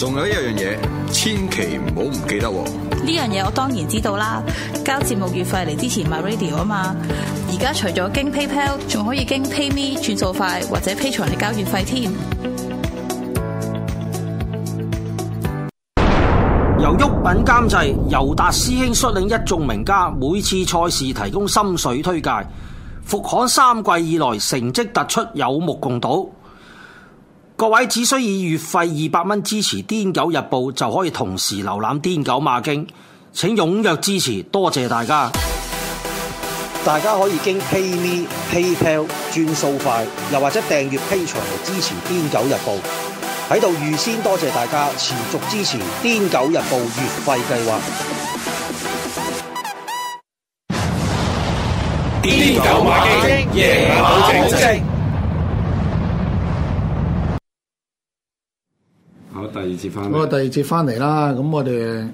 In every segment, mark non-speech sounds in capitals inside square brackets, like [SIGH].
仲有一樣嘢，千祈唔好唔記得喎！呢樣嘢我當然知道啦，交節目月費嚟支持 MyRadio 啊嘛！而家除咗經 PayPal，仲可以經 PayMe 轉數快，或者 Patreon 嚟交月費添。由鬱品監製，尤達師兄率領一眾名家，每次賽事提供心水推介。復刊三季以來，成績突出，有目共睹。各位只需要以月費二百蚊支持《癲狗日報》，就可以同時瀏覽《癲狗馬經》。請踴躍支持，多謝大家！大家可以經 PayMe、PayPal 轉數快，又或者訂閱 Patreon 嚟支持《癲狗日報》。喺度預先多謝大家持續支持《癲狗日報》月費計劃。《癲狗馬經》夜馬正正。我第二節翻嚟啦，咁我哋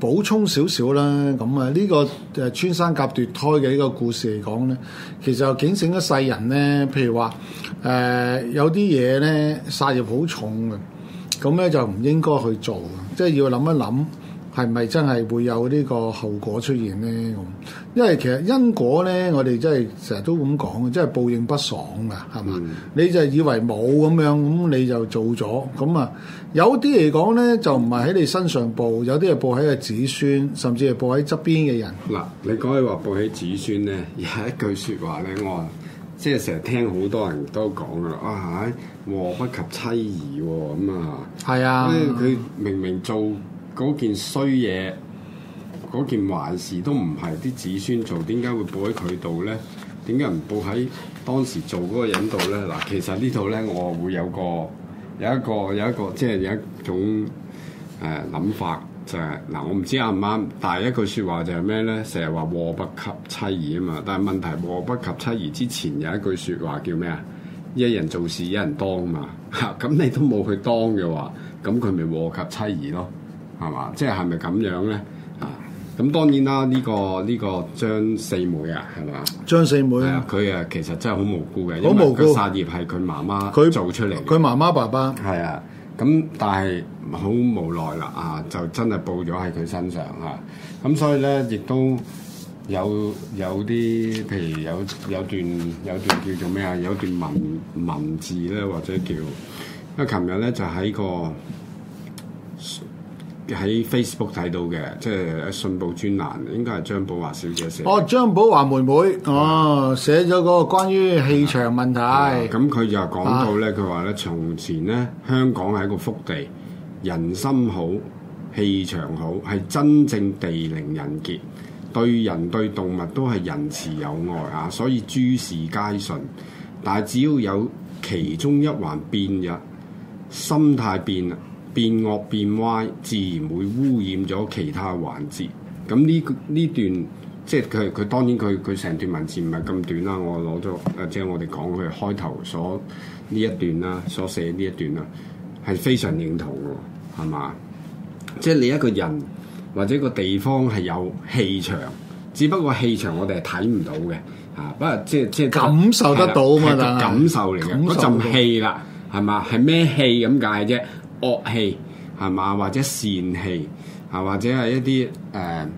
補充少少啦。咁啊，呢個誒穿山甲奪胎嘅呢個故事嚟講咧，其實警醒一世人咧。譬如話誒、呃，有啲嘢咧殺業好重嘅，咁咧就唔應該去做嘅，即係要諗一諗。係咪真係會有呢個後果出現呢？咁，因為其實因果呢，我哋真係成日都咁講嘅，真係報應不爽噶，係嘛？嗯、你就以為冇咁樣，咁你就做咗，咁啊有啲嚟講呢，就唔係喺你身上報，有啲係報喺個子孫，甚至係報喺側邊嘅人。嗱，你講起話報喺子孫呢，有一句説話呢，我話即係成日聽好多人都講噶啦，哇！唉，禍不及妻兒喎、哦，咁啊，係啊，佢明明做。嗰件衰嘢，嗰件壞事件還都唔係啲子孫做，點解會報喺佢度呢？點解唔報喺當時做嗰個人度呢？嗱，其實呢度呢，我會有個有一個有一個，即係有、就是、有一種誒諗、呃、法，就係、是、嗱、呃，我唔知啱唔啱，但係一句説話就係咩呢？成日話禍不及妻兒啊嘛，但係問題禍不及妻兒之前有一句説話叫咩啊？一人做事一人當嘛，嚇、啊、咁你都冇去當嘅話，咁佢咪禍及妻兒咯？係嘛？即係係咪咁樣咧？啊！咁當然啦，呢個呢個張四妹啊，係嘛？張四妹，佢誒、啊、其實真係好無辜嘅，好無辜！因為佢殺業係佢媽媽佢做出嚟，佢媽媽爸爸係啊。咁但係好無奈啦啊！就真係報咗喺佢身上啊！咁所以咧，亦都有有啲，譬如有有段有段叫做咩啊？有段文文字咧，或者叫因為琴日咧就喺個。喺 Facebook 睇到嘅，即係信報專欄，應該係張寶華小姐寫。哦，張寶華妹妹，哦，寫咗個關於氣場問題。咁佢、啊啊、就講到呢佢話呢從前呢香港係一個福地，人心好，氣場好，係真正地靈人傑，對人對動物都係仁慈有愛啊，所以諸事皆順。但係只要有其中一環變咗，心態變啦變惡變歪，自然會污染咗其他環節。咁呢呢段即係佢佢當然佢佢成段文字唔係咁短啦。我攞咗，即係我哋講佢開頭所呢一段啦，所寫呢一段啦，係非常認同嘅，係嘛？即係你一個人或者個地方係有氣場，只不過氣場我哋係睇唔到嘅嚇，啊，不過即係即係感受得到嘛？的是感受嚟嘅嗰陣氣啦，係嘛？係咩氣咁解啫？惡氣係嘛，或者善氣係、啊，或者係一啲誒、呃，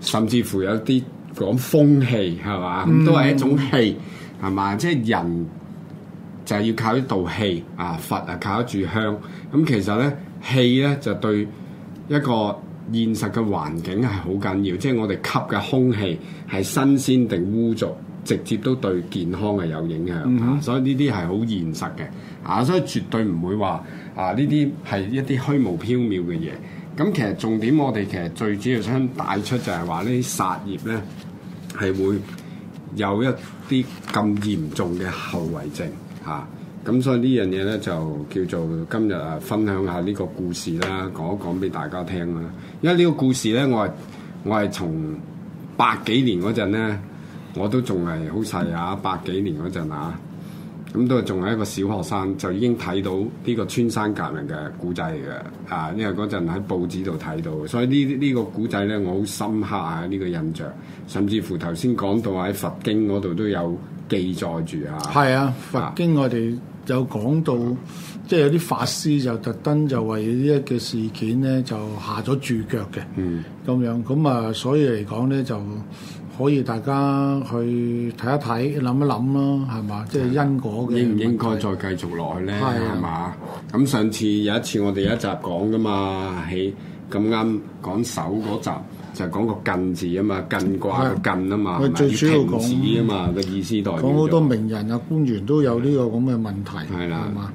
甚至乎有啲講風氣係嘛，嗯、都係一種氣係嘛，即係、就是、人就係要靠呢道氣啊，佛啊靠得住香。咁、啊、其實咧氣咧就對一個現實嘅環境係好緊要，即、就、係、是、我哋吸嘅空氣係新鮮定污濁，直接都對健康係有影響。嗯、哼所以呢啲係好現實嘅啊，所以絕對唔會話。啊！呢啲係一啲虛無縹緲嘅嘢，咁、啊、其實重點我哋其實最主要想帶出就係話呢啲殺業咧係會有一啲咁嚴重嘅後遺症嚇，咁、啊啊啊、所以呢樣嘢咧就叫做今日啊分享下呢個故事啦，講一講俾大家聽啦、啊。因為呢個故事咧，我係我係從八幾年嗰陣咧，我都仲係好細啊，八幾年嗰陣啊。咁都仲係一個小學生，就已經睇到呢個穿山革命嘅古仔嘅，啊，因為嗰陣喺報紙度睇到，所以、呢個、呢呢個古仔咧，我好深刻啊呢、呢個印象，甚至乎頭先講到喺佛經嗰度都有記載住啊。係啊，佛經我哋有講到，啊、即係有啲法師就特登就為呢一嘅事件咧，就下咗注腳嘅。嗯，咁樣咁啊，所以嚟講咧就。可以大家去睇一睇、諗一諗咯，係嘛？即係因果嘅。應唔應該再繼續落去咧？係嘛、啊？咁上次有一次我哋有一集講噶嘛，喺咁啱講首嗰集就講個近字啊嘛，近卦個近啊嘛，啊嘛，最主要講止字啊嘛嘅意思代表。講好多名人啊、官員都有呢個咁嘅問題。係啦，係嘛？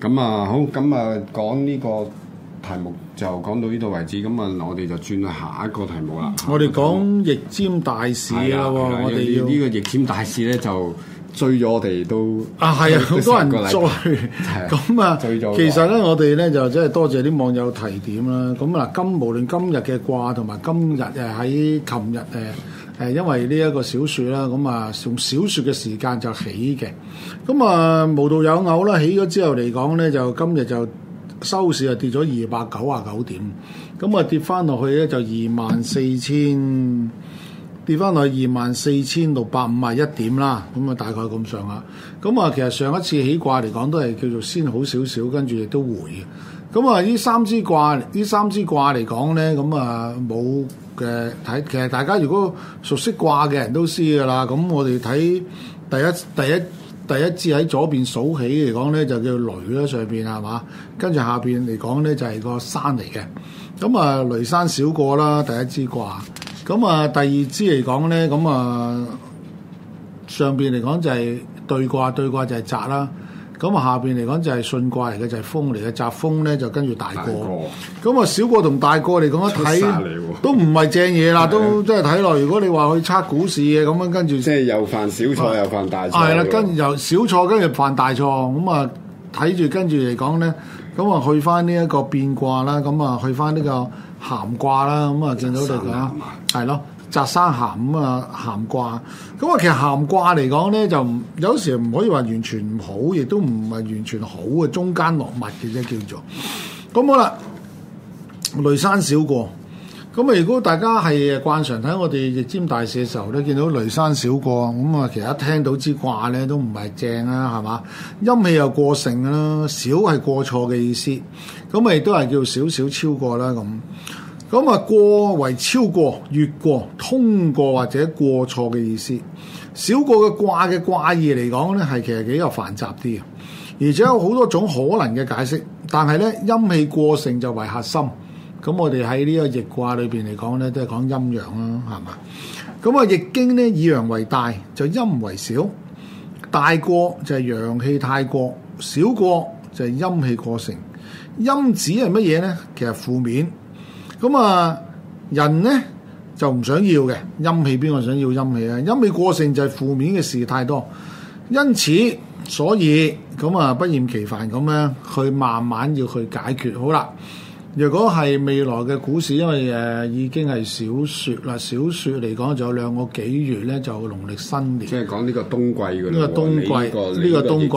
咁啊，好咁啊，講呢個。題目就講到呢度為止，咁啊，我哋就轉下一個題目啦。我哋講逆佔大市啦，我哋呢個逆佔大市咧就追咗我哋都啊，係啊，好多人追，咁啊，其實咧我哋咧就真係多謝啲網友提點啦。咁啊，今無論今日嘅卦同埋今日誒喺琴日誒誒，因為呢一個小雪啦，咁啊，從小雪嘅時間就起嘅，咁啊無道有偶啦，起咗之後嚟講咧，就今日就收市就跌咗二百九十九點，咁啊，跌翻落去咧就二萬四千跌翻落去二萬四千六百五十一點啦，咁啊大概咁上下。咁啊其實上一次起卦嚟講都係叫做先好少少，跟住亦都回嘅。咁啊呢三支卦呢三支卦嚟講咧，咁啊冇嘅睇。其實大家如果熟悉卦嘅人都知噶啦。咁我哋睇第一第一。第一第一支喺左邊數起嚟講咧，就叫雷啦，上邊係嘛，跟住下邊嚟講咧就係、是、個山嚟嘅，咁啊雷山小過啦第一支卦。咁啊第二支嚟講咧，咁啊上邊嚟講就係兌卦，兌卦就係澤啦。咁啊，下邊嚟講就係巽卦嚟嘅，就係、是、風嚟嘅，習風咧就跟住大過。咁啊哥，小過同大過嚟講一睇，都唔係正嘢啦， [LAUGHS] 都即係睇落。如果你話去測股市嘅咁樣，跟住即係又犯小錯又犯大錯。係啦，跟住又小錯，跟住犯大錯。咁啊，睇住跟住嚟講咧，咁啊去翻呢一個變卦啦，咁啊去翻呢個咸卦啦，咁啊見到度講係咯。澤山咸啊，咸卦咁啊，其實咸卦嚟講咧，就有時唔可以話完全唔好，亦都唔係完全好嘅，中間落墨嘅啫叫做。咁好啦，雷山小過。咁啊，如果大家係慣常睇我哋易占大師嘅時候咧，見到雷山小過，咁啊，其實一聽到支卦咧都唔係正啦、啊，係嘛？陰氣又過盛啦，少係過錯嘅意思。咁啊，亦都係叫少少超過啦咁。咁啊，過為超過、越過、通過或者過錯嘅意思。小過嘅卦嘅卦意嚟講咧，係其實幾個繁雜啲嘅，而且有好多種可能嘅解釋。但係咧，陰氣過盛就為核心。咁我哋喺呢一個逆卦裏邊嚟講咧，都係講陰陽啦，係嘛？咁啊，易經咧以陽為大，就陰為小；大過就係陽氣太過，小過就係陰氣過盛。陰指係乜嘢咧？其實負面。咁啊，人呢就唔想要嘅陰氣，邊個想要陰氣啊？陰氣過盛就係負面嘅事太多，因此所以咁啊，不厭其煩咁樣去慢慢要去解決好啦。如果係未來嘅股市，因為誒、啊、已經係小雪啦，小雪嚟講就有兩個幾月呢，就農曆新年。即係講呢個冬季呢個冬季，呢個冬季，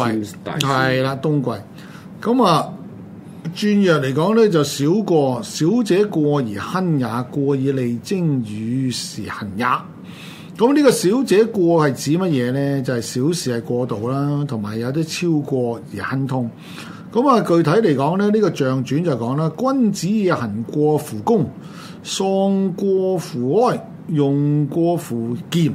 係啦，冬季。咁啊。轉弱嚟講咧，就少過，小者過而亨也，過以利貞與時行也。咁呢個小者過係指乜嘢咧？就係、是、小事係過度啦，同埋有啲超過而亨通。咁啊，具體嚟講咧，呢、這個象傳就講啦，君子以行過乎恭，喪過乎哀，用過乎儉，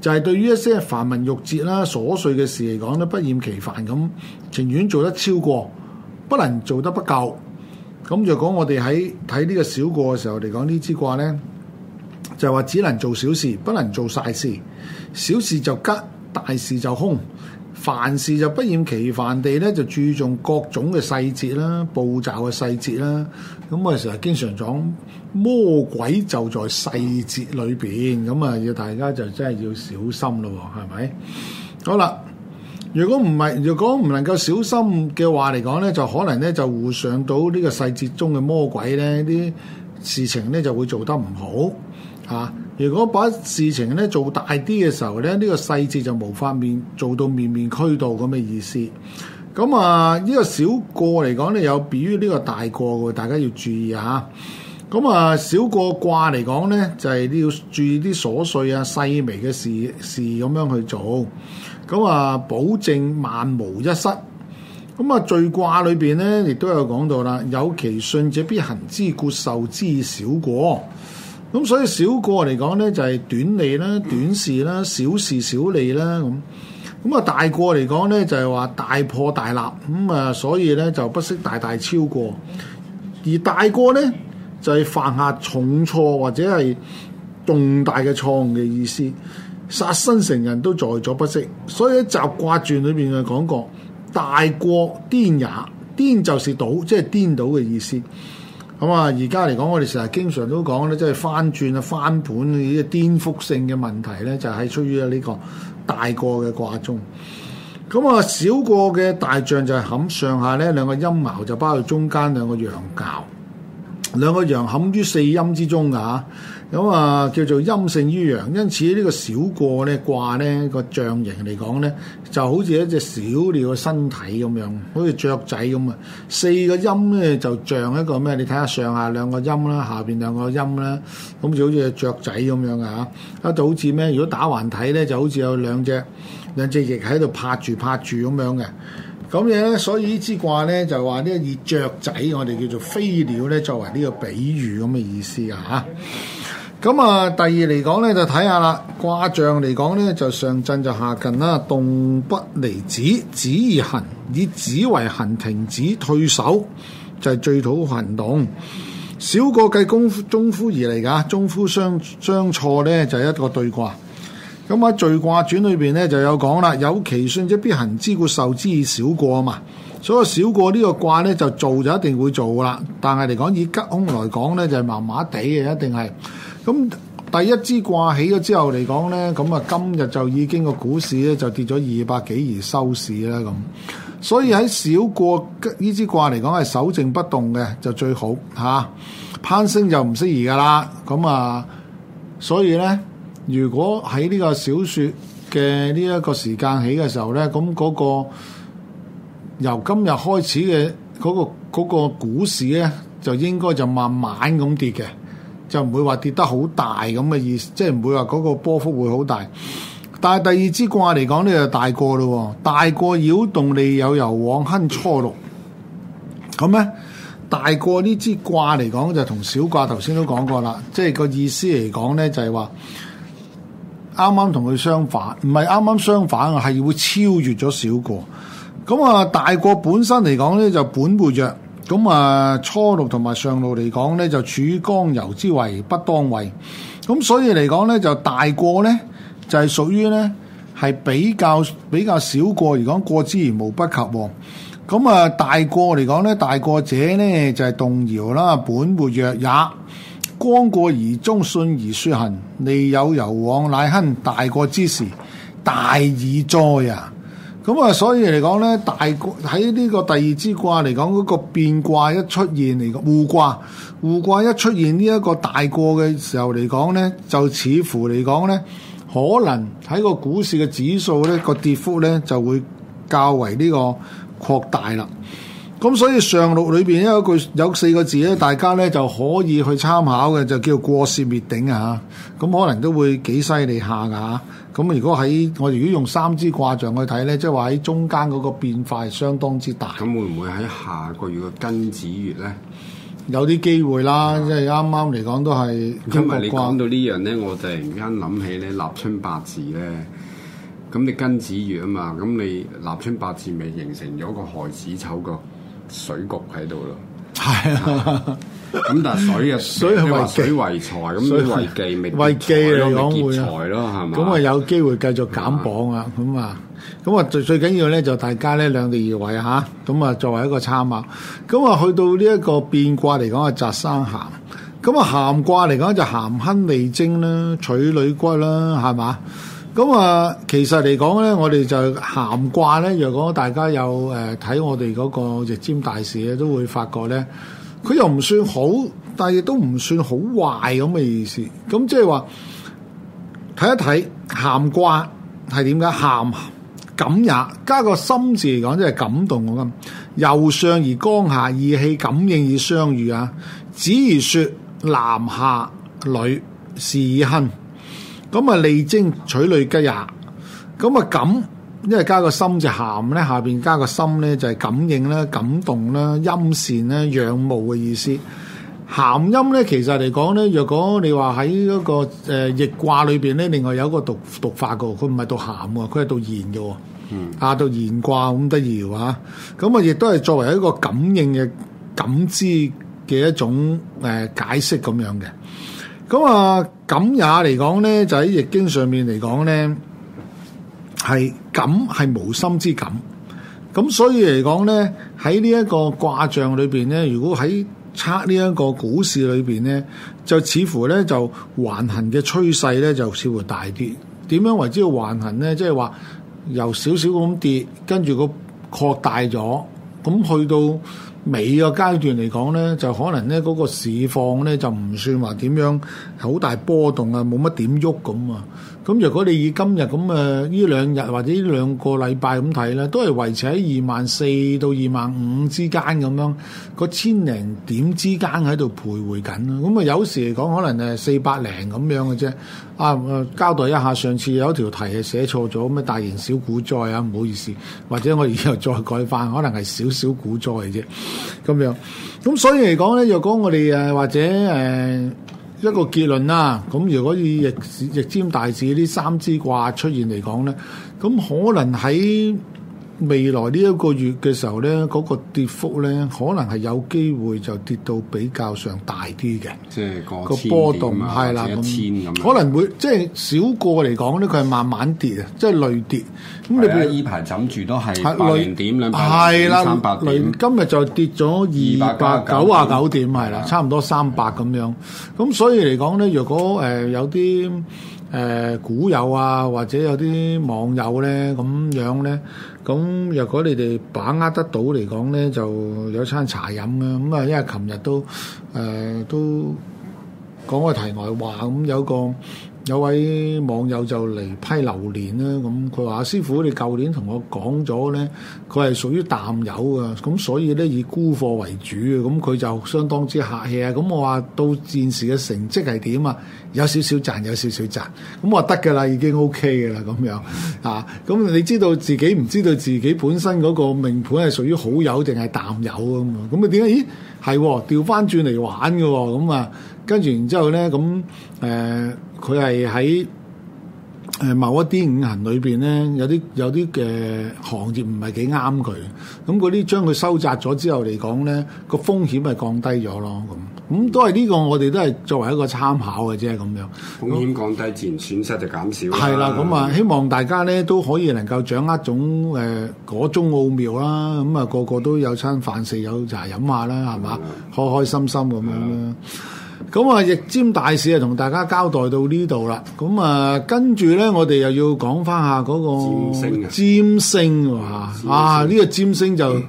就係、是、對於一些繁文縟節啦、瑣碎嘅事嚟講咧，不厭其煩咁，情願做得超過。不能做得不夠，咁若果我哋喺睇呢個小過嘅時候嚟講，呢支卦咧就話只能做小事，不能做大事。小事就吉，大事就凶，凡事就不厭其煩地咧，就注重各種嘅細節啦、步驟嘅細節啦。咁啊，成日經常講魔鬼就在細節裏邊，咁啊，要大家就真係要小心咯，係咪？好啦。如果唔係，如果唔能夠小心嘅話嚟講咧，就可能咧就互上到呢個細節中嘅魔鬼咧，啲事情咧就會做得唔好啊！如果把事情咧做大啲嘅時候咧，呢、呢個細節就無法面做到面面俱到咁嘅意思。咁啊，呢、呢個小過嚟講咧有別於呢個大過嘅，大家要注意嚇。咁啊，小過卦嚟講咧，就係、係、你要注意啲瑣碎啊、細微嘅事事咁樣去做。咁啊，保證萬無一失。咁啊，《序卦》裏邊咧，亦都有講到啦。有其信者，必行之；故受之以小過。咁所以小過嚟講咧，就係短利啦、短事啦、小事小利啦咁。咁啊，大過嚟講咧，就係話大破大立。咁啊，所以咧就不惜大大超過。而大過咧，就係犯下重錯或者係重大嘅錯誤嘅意思。殺身成人都在所不惜，所以喺《雜卦傳》裏面啊講過，大過顛也，顛就是倒，即係顛倒嘅意思。咁啊，而家嚟講，我哋成日經常都講咧，即係翻轉啊、翻盤呢啲顛覆性嘅問題咧，就係出於呢個大過嘅卦中。咁啊，小過嘅大象就係冚上下呢兩個陰爻就包括中間兩個陽爻。兩個陽陷於四陰之中㗎，咁啊叫做陰勝於陽，因此呢個小過咧卦咧個象形嚟講咧，就好似一隻小鳥嘅身體咁樣，好似雀仔咁啊。四個陰咧就像一個咩？你睇下上下兩個陰啦，下邊兩個陰啦，咁就好似隻雀仔咁樣嘅嚇。一、啊、就好似咩？如果打橫睇咧，就好似有兩隻兩隻翼喺度拍住拍住咁樣嘅。咁嘢咧，所以呢支卦咧就係話呢個以雀仔，我哋叫做飛鳥咧作為呢個比喻咁嘅意思啊，吓。咁啊，第二嚟講咧就睇下啦，卦象嚟講咧就上震就下近啦，動不離止，止而行，以止為行，停止退守就係最土行動。小過計工夫，中夫而嚟噶，中夫相相錯咧就係一個對卦。咁喺《聚卦傳》裏邊咧就有講啦，有其信者必行之，故受之以小過啊嘛。所以小過呢個卦咧就做就一定會做啦，但係嚟講以吉凶來講咧就係麻麻地嘅，一定係。咁第一支卦起咗之後嚟講咧，咁啊今日就已經個股市咧就跌咗二百幾而收市啦咁。所以喺小過呢支卦嚟講係守靜不動嘅就最好嚇，攀升就唔適宜噶啦。咁啊，所以咧。如果喺呢個小雪嘅呢一個時間起嘅時候呢，咁嗰個由今日開始嘅嗰個嗰個股市呢，就應該就慢慢咁跌嘅，就唔會話跌得好大咁嘅意思，即係唔會話嗰個波幅會好大。但係第二支卦嚟講呢，就大過咯，大過擾動利有由往亨初六。咁呢，大過呢支卦嚟講，就同小卦頭先都講過啦，即係個意思嚟講呢，就係話。啱啱同佢相反，唔係啱啱相反啊，係會超越咗小過。咁啊，大過本身嚟講咧就本末弱，咁啊初六同埋上六嚟講咧就處於剛柔之位不當位，咁所以嚟講咧就大過咧就係屬於咧係比較比較小過，而講過之而無不及。咁啊大過嚟講咧，大過者咧就係、是、動搖啦，本末弱也。光過而中，信而說行，利有攸往乃，乃亨大過之時，大矣哉啊！咁啊，所以嚟講呢，大過喺呢個第二支卦嚟講，嗰、這個變卦一出現嚟，互卦互卦一出現呢一個大過嘅時候嚟講呢，就似乎嚟講呢，可能喺個股市嘅指數呢、這個跌幅呢，就會較為呢個擴大啦。咁所以上六裏邊咧有一句有四個字咧，大家咧就可以去參考嘅，就叫做過涉滅頂啊吓。咁、啊、可能都會幾犀利下噶。咁、啊啊啊啊啊啊、如果喺我如果用三支卦象去睇咧，即係話喺中間嗰個變化係相當之大。咁、嗯、會唔會喺下個月嘅庚子月咧？有啲機會啦，即係啱啱嚟講都係。因為你講到呢樣咧，我突然間諗起咧立春八字咧，咁你庚子月啊嘛，咁、嗯、你立春八字未形成咗個亥子丑個。水局喺度咯，係啊，咁但係水啊，水係為忌為財，咁所以為忌，為忌嚟講會財咯，係嘛，咁啊有機會繼續減磅啊，咁啊，咁啊最最緊要咧就大家咧量力而為吓，咁啊作為一個參考，咁啊去到呢一個變卦嚟講係澤山咸，咁啊咸卦嚟講就咸亨利貞啦，取女吉啦，係嘛。咁啊，其實嚟講咧，我哋就咸卦咧。若果大家有誒睇我哋嗰個逆佔大市咧，都會發覺咧，佢又唔算好，但亦都唔算好壞咁嘅意思。咁即係話睇一睇咸卦係點解？咸，感也，加個心字嚟講，即係感動我咁。柔上而剛下，意氣感應以相遇啊！止而說，男下女是以亨。咁啊，利精取類吉也。咁啊感，因為加個心就咸咧，下邊加個心咧就係感應啦、感動啦、陰善啦、仰慕嘅意思。咸音咧，其實嚟講咧，若果你話喺嗰個誒易卦裏邊咧，另外有一個讀讀法個，佢唔係讀咸嘅，佢係讀言嘅。嗯，啊讀言卦咁得意哇！咁啊，亦都係作為一個感應嘅感知嘅一種誒解釋咁樣嘅。咁啊，咁也嚟講咧，就喺易經上面嚟講咧，係感係無心之感。咁所以嚟講咧，喺呢一個卦象裏邊咧，如果喺測呢一個股市裏邊咧，就似乎咧就橫行嘅趨勢咧就似乎大啲。點樣為之叫橫行咧？即係話由少少咁跌，跟住個擴大咗，咁去到。尾個階段嚟講咧，就可能咧嗰個市況咧就唔算話點樣好大波動啊，冇乜點喐咁啊。咁如果你以今日咁誒呢兩日或者呢兩個禮拜咁睇咧，都係維持喺二萬四到二萬五之間咁樣，個千零點之間喺度徘徊緊啦。咁、嗯、啊有時嚟講，可能誒四百零咁樣嘅啫、啊。啊，交代一下，上次有條題係寫錯咗，咩大型小股災啊，唔好意思，或者我以後再改翻，可能係少少股災嘅啫。咁樣，咁、嗯、所以嚟講咧，若果我哋誒、啊、或者誒。啊一個結論啦，咁如果以逆逆尖大字呢三支卦出現嚟講咧，咁可能喺未來呢一個月嘅時候咧，嗰個跌幅咧，可能係有機會就跌到比較上大啲嘅。即係個波動係啦，一千咁。可能會即係少過嚟講咧，佢係慢慢跌啊，即係累跌。咁你譬如依排枕住都係累零點兩點三百幾。今日就跌咗二百九啊九點，係啦，差唔多三百咁樣。咁所以嚟講咧，若果誒有啲。誒股、呃、友啊，或者有啲網友咧咁樣咧，咁若果你哋把握得到嚟講咧，就有餐茶飲啊。咁啊，因為琴日都誒、呃、都講個題外話，咁、嗯、有個。有位網友就嚟批流年啦，咁佢話：師傅，你舊年同我講咗咧，佢係屬於淡友啊，咁所以咧以沽貨為主啊，咁佢就相當之客氣啊。咁我話到現時嘅成績係點啊？有少少賺，有少少賺，咁我話得嘅啦，已經 OK 嘅啦，咁樣啊。咁、 [LAUGHS] 嗯、你知道自己唔知道自己本身嗰個命盤係屬於好友定係淡友啊？咁啊，點解？咦。」係調翻轉嚟玩嘅、哦、咁、嗯、啊，跟住然後呢、嗯呢呃嗯、之後咧，咁誒，佢係喺誒某一啲五行裏邊咧，有啲有啲嘅行業唔係幾啱佢，咁嗰啲將佢收窄咗之後嚟講咧，個風險係降低咗咯咁。嗯咁、嗯、都係呢、這個，我哋都係作為一個參考嘅啫，咁樣。風險降低，那自然損失就減少。係啦，咁啊，希望大家咧都可以能夠掌握種誒嗰、呃、種奧妙啦、啊。咁、嗯、啊，個個都有餐飯食，有茶飲下啦，係嘛，的開開心心咁樣啦。咁啊的、嗯，易占大市啊，同大家交代到、嗯、呢度啦。咁、那個、尖星 啊，跟住咧，我哋又要講翻下嗰個占星。占星啊，呢、啊啊啊啊啊啊這個占星就～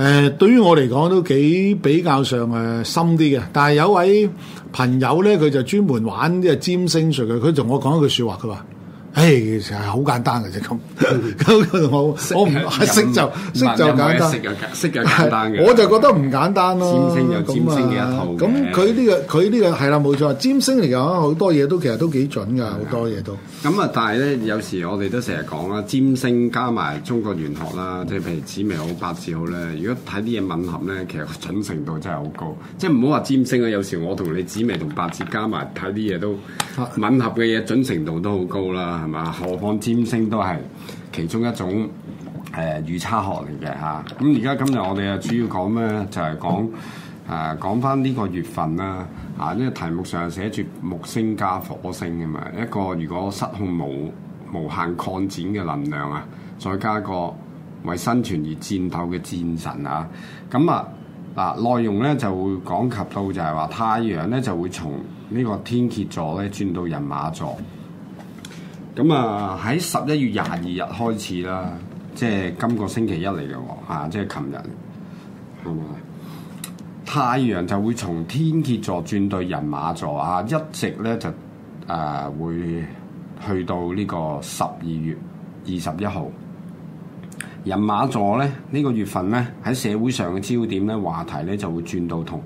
誒、呃、對於我嚟講都幾比較上誒、啊、深啲嘅，但係有位朋友咧，佢就專門玩啲啊占星術嘅，佢同我講一句説話，佢話。誒，其實好簡單嘅啫，咁咁好，我唔係識就識就簡單，識就簡單嘅。我就覺得唔簡單咯。占星有占星嘅一套，咁佢呢個佢呢個係啦，冇錯，占星嚟講好多嘢都其實都幾準嘅，好多嘢都。咁啊、嗯，但係咧有時我哋都成日講啦，占星加埋中國玄學啦，即係譬如紫薇好八字好咧，如果睇啲嘢吻合咧，其實準程度真係好高。即係唔好話占星啊，有時我同你紫薇同八字加埋睇啲嘢都吻合嘅嘢，準程度都好高啦。係嘛？何況占星都係其中一種誒預測學嚟嘅嚇。咁而家今日我哋啊主要講咩？就係、是、講誒、呃、講翻呢個月份啦。啊，呢個題目上寫住木星加火星嘅嘛，一個如果失控無無限擴展嘅能量啊，再加一個為生存而戰鬥嘅戰神啊。咁啊嗱，內容咧就會講及到就係話太陽咧就會從呢個天蠍座咧轉到人馬座。咁啊！喺十一月廿二日開始啦，即係今個星期一嚟嘅我即係琴日，係、嗯、太陽就會從天蠍座轉到人馬座啊，一直咧就誒、呃、會去到呢個十二月二十一號。人馬座咧呢、呢個月份咧喺社會上嘅焦點咧話題咧就會轉到同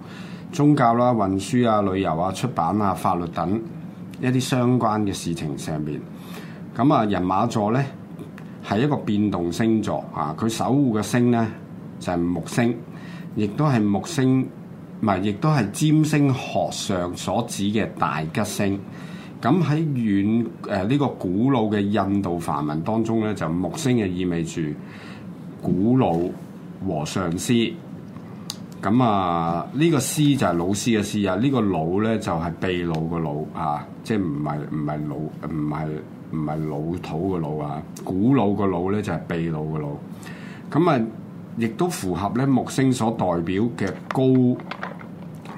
宗教啦、運輸啊、旅遊啊、出版啊、法律等一啲相關嘅事情上面。咁啊，人馬座咧係一個變動星座啊。佢守護嘅星咧就係、是、木星，亦都係木星，唔係亦都係占星學上所指嘅大吉星。咁、啊、喺遠誒呢、啊這個古老嘅印度梵文當中咧，就是、木星嘅意味住古老和上師。咁啊，呢、這個師就係老師嘅師啊，呢、這個老咧就係、是、秘魯嘅老，老啊，即係唔係唔係老唔係。唔係老土嘅老啊，古老嘅老咧就係秘魯嘅老。咁啊，亦都符合咧木星所代表嘅高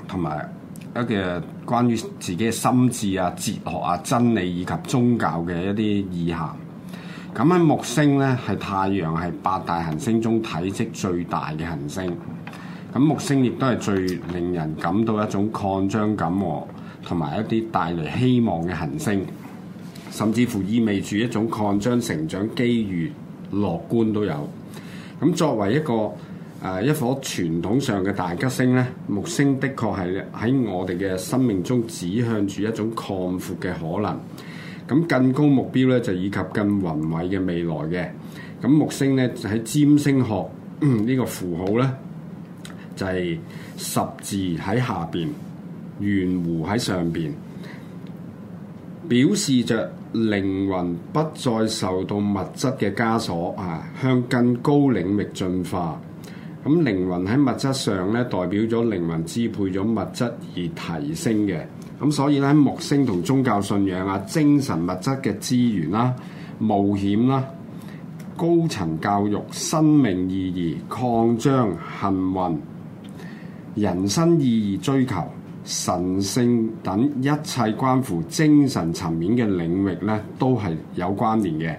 同埋一嘅關於自己嘅心智啊、哲學啊、真理以及宗教嘅一啲意涵。咁喺木星咧，係太陽系八大行星中體積最大嘅行星。咁木星亦都係最令人感到一種擴張感同埋一啲帶嚟希望嘅行星。甚至乎意味住一種擴張、成長、機遇、樂觀都有。咁作為一個誒一顆傳統上嘅大吉星咧，木星的確係喺我哋嘅生命中指向住一種擴闊嘅可能。咁更高目標咧，就以及更宏偉嘅未來嘅。咁木星咧就喺占星學呢個符號咧，就係十字喺下邊，圓弧喺上邊，表示着。靈魂不再受到物質嘅枷鎖啊，向更高領域進化。咁靈魂喺物質上咧，代表咗靈魂支配咗物質而提升嘅。咁所以咧，木星同宗教信仰啊、精神物質嘅資源啦、冒險啦、高層教育、生命意義、擴張、幸運、人生意義追求。神性等一切關乎精神層面嘅領域呢，都係有關聯嘅。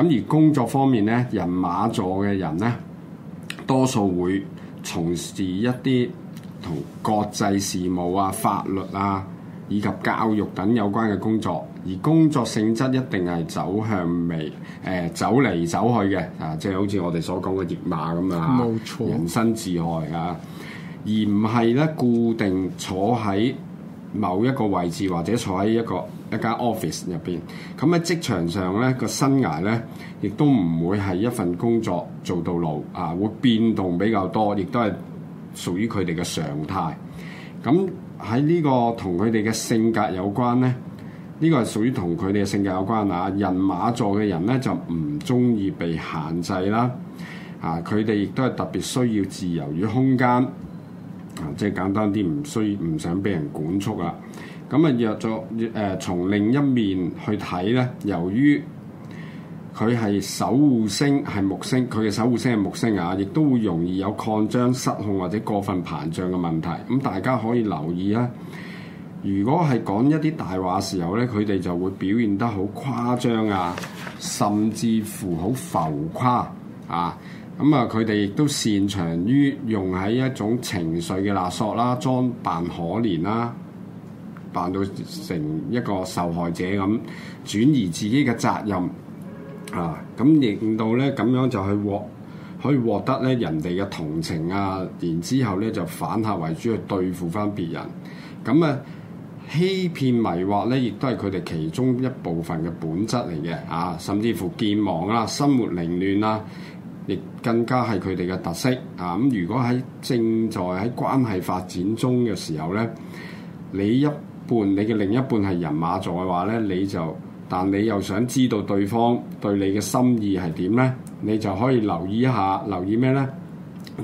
咁而工作方面呢，人馬座嘅人呢，多數會從事一啲同國際事務啊、法律啊以及教育等有關嘅工作。而工作性質一定係走向未誒、呃、走嚟走去嘅啊！即係好似我哋所講嘅烈馬咁啊，冇錯，人身自害啊！而唔係咧，固定坐喺某一個位置，或者坐喺一個一間 office 入邊。咁喺職場上咧，呢個生涯咧亦都唔會係一份工作做到老啊，會變動比較多，亦都係屬於佢哋嘅常態。咁喺呢個同佢哋嘅性格有關咧，呢、呢個係屬於同佢哋嘅性格有關啊。人馬座嘅人咧就唔中意被限制啦，啊，佢哋亦都係特別需要自由與空間。即係簡單啲，唔需唔想俾人管束啦。咁啊，若、呃、咗，誒從另一面去睇咧，由於佢係守護星係木星，佢嘅守護星係木星啊，亦都會容易有擴張失控或者過分膨脹嘅問題。咁大家可以留意啊。如果係講一啲大話時候咧，佢哋就會表現得好誇張啊，甚至乎好浮誇啊。啊咁啊，佢哋亦都擅長於用喺一種情緒嘅勒索啦，裝扮可憐啦，扮到成一個受害者咁，轉移自己嘅責任啊，咁令到咧咁樣就去獲，可以獲得咧人哋嘅同情啊，然之後咧就反客為主去對付返別人。咁啊，欺騙迷惑咧，亦都係佢哋其中一部分嘅本質嚟嘅啊，甚至乎健忘啊、生活凌亂啊。亦更加係佢哋嘅特色啊！咁如果喺正在喺關係發展中嘅時候呢，你一半你嘅另一半係人馬座嘅話呢，你就但你又想知道對方對你嘅心意係點呢？你就可以留意一下，留意咩呢？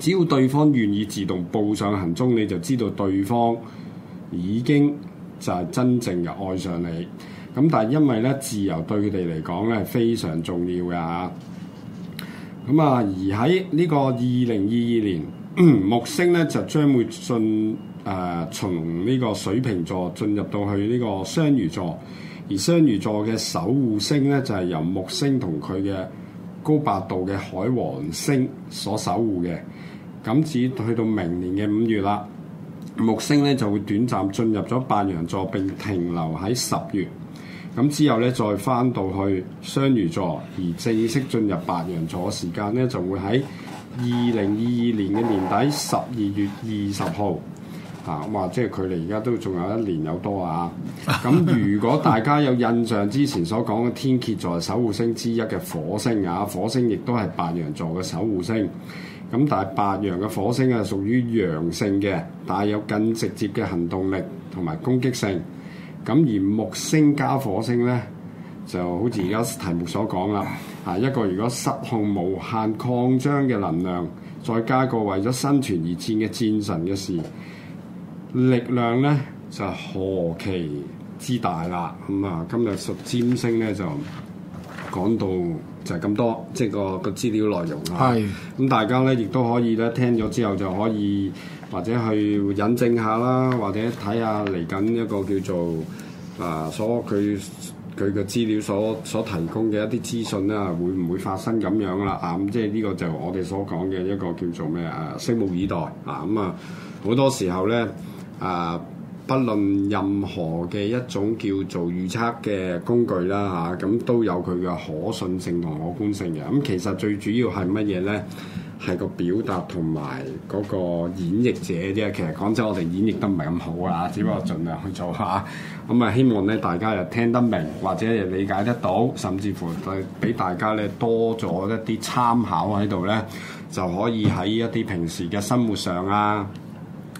只要對方願意自動報上行蹤，你就知道對方已經就係真正嘅愛上你。咁但係因為呢，自由對佢哋嚟講咧係非常重要㗎。咁啊，而喺呢個二零二二年 [COUGHS] 木星咧，就將會進誒從呢個水瓶座進入到去呢個雙魚座，而雙魚座嘅守護星咧，就係、是、由木星同佢嘅高八度嘅海王星所守護嘅。咁至去到明年嘅五月啦，木星咧就會短暫進入咗白羊座並停留喺十月。咁之後咧，再翻到去雙魚座，而正式進入白羊座時間咧，就會喺二零二二年嘅年底十二月二十號，嚇、啊，咁話即係距離而家都仲有一年有多啊。咁、啊、如果大家有印象之前所講嘅天蠍座守護星之一嘅火星啊，火星亦都係白羊座嘅守護星。咁、啊、但係白羊嘅火星啊，係屬於陽性嘅，但有更直接嘅行動力同埋攻擊性。咁而木星加火星呢，就好似而家題目所講啦。啊，一個如果失控無限擴張嘅能量，再加個為咗生存而戰嘅戰神嘅事，力量呢就何其之大啦！咁、嗯、啊，今日屬占星呢，就講到就係咁多，即、就、係、是、個個資料內容啦。咁是、啊、大家呢，亦都可以呢聽咗之後就可以。或者去引證下啦，或者睇下嚟緊一個叫做啊所佢佢嘅資料所所提供嘅一啲資訊啦，會唔會發生咁樣啦？啊咁即係呢個就我哋所講嘅一個叫做咩啊？拭目以待啊咁啊！好多時候咧啊，不論任何嘅一種叫做預測嘅工具啦嚇，咁、啊、都有佢嘅可信性同可觀性嘅。咁、啊、其實最主要係乜嘢咧？係個表達同埋嗰個演繹者啫，其實講真，我哋演繹得唔係咁好啊，只不過盡量去做下。咁啊、嗯，希望咧大家又聽得明，或者又理解得到，甚至乎係俾大家咧多咗一啲參考喺度咧，就可以喺一啲平時嘅生活上啊，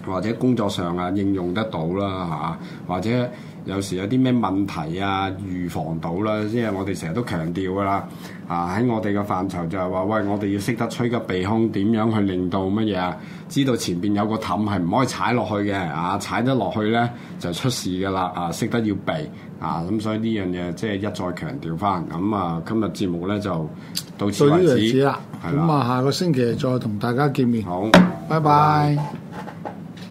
或者工作上啊應用得到啦、啊、嚇、啊，或者。有時有啲咩問題啊，預防到啦，即係我哋成日都強調噶啦。啊，喺我哋嘅範疇就係話，喂，我哋要識得趨吉避凶，點樣去令到乜嘢？知道前邊有個氹係唔可以踩落去嘅。啊，踩得落去咧就出事噶啦。啊，識得要避。啊，咁所以呢樣嘢即係一再強調翻。咁啊，今日節目咧就到此為止，到此為止啦。係啦。咁啊，下個星期再同大家見面。好，拜拜。拜拜。